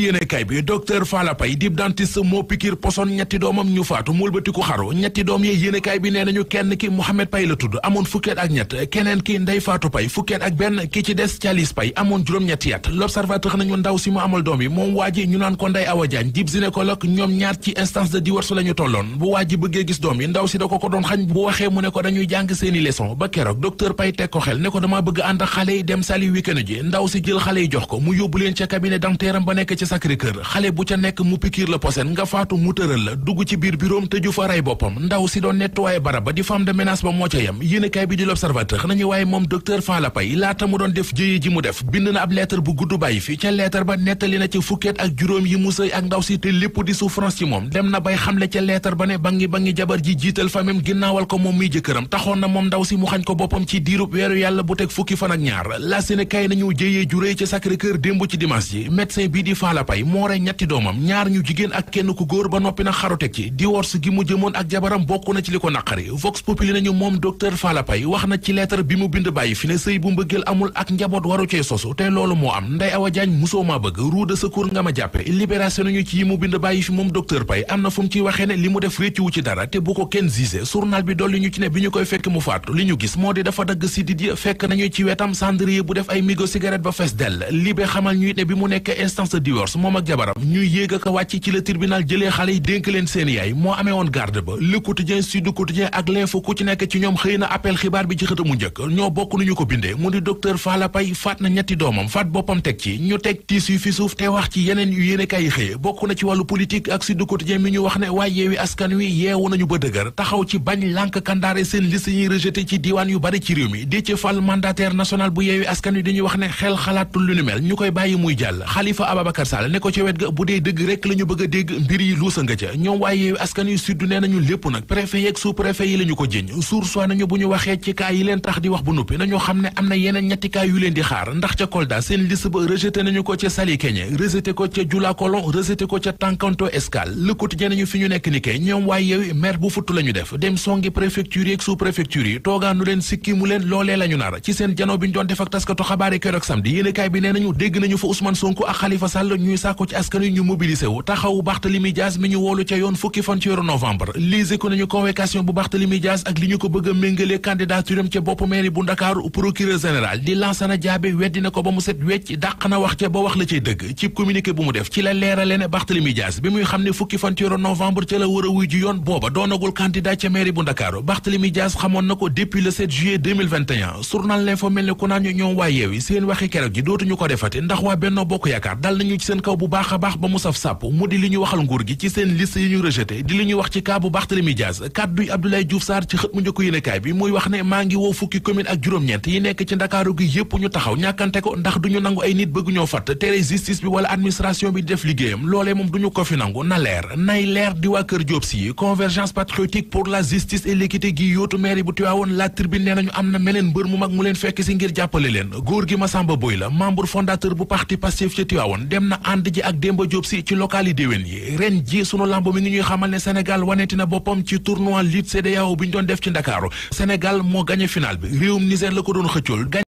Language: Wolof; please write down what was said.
li yéene kay bi docteur Falla Paye dib dentiste moo pikir poson ñetti doomam ñu faatu mulbatiku xaru ñetti doom yee yéene bi nee nañu kenn ki Mohamed Paye la tudd amoon fukkeet ak ñett keneen ki Ndey Faatu Paye fukkeet ak benn ki ci des Thialis Paye amoon juróom-ñetti at l'observateur nañu ndaw si mu amal doom yi moom waa ji ñu naan ko Ndey Awa Diagne dib gynécologue ñoom ñaar ci instance de divorce la tolloon bu waa ji bëggee gis doom yi ndaw si da ko ko doon xañ bu waxee mu ne ko dañuy jàng seeni leçon ba keroog docteur Paye teg ko xel ne ko dama bëgg ànd dem sali week-end ji ndaw si jël yi jox ko mu yóbbu leen Sacré Cœur xale bu ca nekk mu pikiir la posen nga faatu mu tëral la dugg ci biir biróom tëju fa rey boppam ndaw si doon nettuwaaye barab ba di femme de ba moo ca yem yéenekaay bi di L'Observateur nañu waaye moom docteur Falla Paye laata mu doon def jëye ji mu def bind na ab lettre bu gudd bàyyi fi ca lettre ba nettali na ca fukkeet ak juróom yi mu sëy ak ndaw si te lépp di souffrance ci moom dem na bay xamle ca lettre ba ne bangi bangi jabar ji jiital famim ginnaawal ko moom muy jëkkëram taxoon na moom ndaw si mu xañ ko boppam ci diirub weeru yàlla bu teg ñaar la seen kay nañu jëyee ju réy ca Sacré Cœur démb ci dimanche ji médecin la pay moo rey ñetti doomam ñaar ñu jigéen ak kenn ku góor ba noppi na xaruteg ci divorce gi mu jëmoon ak jabaram bokk na ci li ko naqari vox populi nañu moom docteur Falla Paye wax na ci lettre bi mu bind bàyyi fi ne sëy bu mbëggeel amul ak njaboot waru cee sosu te loolu moo am Ndeye Awa musoo maa bëgg roue de nga ma jàppe libération nañu ci yi mu bind bàyyi fi moom docteur Paye am na fu mu waxee ne li mu def réccuwu ci dara te bu ko kenn gisé force moom ak jabaram ñuy yéeg ak a wàcc ci la tribunal jëlee xale yi dénk leen seen yaay moo amee woon garde ba Le Quotidien Sud Quotidien ak L'Info ku ci nekk ci ñoom xëy na appel xibaar bi ci xët mu njëkk ñoo bokk nu ñu ko bindee mu di docteur Falla Paye faat na ñetti doomam faat boppam teg ci ñu teg tiis yu fi suuf te wax ci yeneen yu yéene kay xëye bokk na ci wàllu politique ak Sud Quotidien mi ñu wax ne waaye yeewi askan wi yeewu nañu ba dëgër taxaw ci bañ lank kandaare seen liste yi rejeté ci diiwaan yu bari ci réew mi Déthié Fall mandataire national bu yeewi askan wi dañuy wax ne xel xalaatul lu ñu koy bàyyi muy jàll Khalifa Ababacar Sall ne ko ci wet ga bu dee dëgg rek la bëgg a dégg mbir yi luusa nga ca ñoom waaye askan yu suddu nee nañu lépp nag préfet yeeg sous préfet yi la ko jëñ suur soi nañu bu ñu waxee ci kaa yi leen tax di wax bu nuppi nañu xam ne am na yeneen ñetti kaa yu leen di xaar ndax ca Kolda seen liste ba nañu ko ca Sali Keñe rejeté ko ca Julakolon rejeté ko ca Tankanto Escale Le Quotidien nañu fi ñu nekk ni kay ñoom waaye yeewi maire bu futt la ñuy sàkku ci askan wi ñu mobilisé wu taxawu Barthélémy Dias mi ñu woolu ca yoon fukki fan ci weeru novembre ko nañu convocation bu Barthélémy Dias ak li ñu ko bëgg a méngalee candidature am ca bopp mairie bu Ndakaaru procureur général di Lansana Diabe weddi na ko ba mu set wecc dàq na wax ca ba wax la cay dëgg ci communiqué bu mu def ci la leerale ne Barthélémy Dias bi muy xam ne fukki fan ci weeru ca la war a wuy ji yoon booba doonagul candidat ca mairie bu xamoon na ko depuis le 7 juillet 2021 journal l'info mel ne ku naan ko defati ndax waa Benno seen kaw bu baax a baax ba mu saf sàpp mu di li ñu waxal nguur gi ci seen liste yi ñu rejeté di li ñuy wax ci cas bu Barthélemy Diaz kàdduy Abdoulaye Diouf Sarr ci xët mu njëkk yéenekaay bi muy wax ne maa ngi woo fukki commune ak juróom-ñeent yi nekk ci Ndakaaru gi yépp ñu taxaw ñàkkante ko ndax duñu nangu ay nit bëgg ñoo fatt tere justice bi wala administration bi di def liggéeyam loolee moom duñu ko fi nangu na leer nay leer di waa kër Diop si convergence patriotique pour la justice gi yóotu maire bu Tivaouane la tribune nee am na meneen mbër mu mag mu leen fekk si ngir jàppale leen góor gi Massamba Boy la membre fondateur bu parti Pastef ca ànd ji ak Demba Diop si ci local yi déwén yi ren ji sunu lamb mi ngi ñuy xamal ne Sénégal waneti na boppam ci tournoi Ligue CEDEAO bi ñu doon def ci Ndakaaru Sénégal moo gagné final bi réewum Niger la ko doon xëccool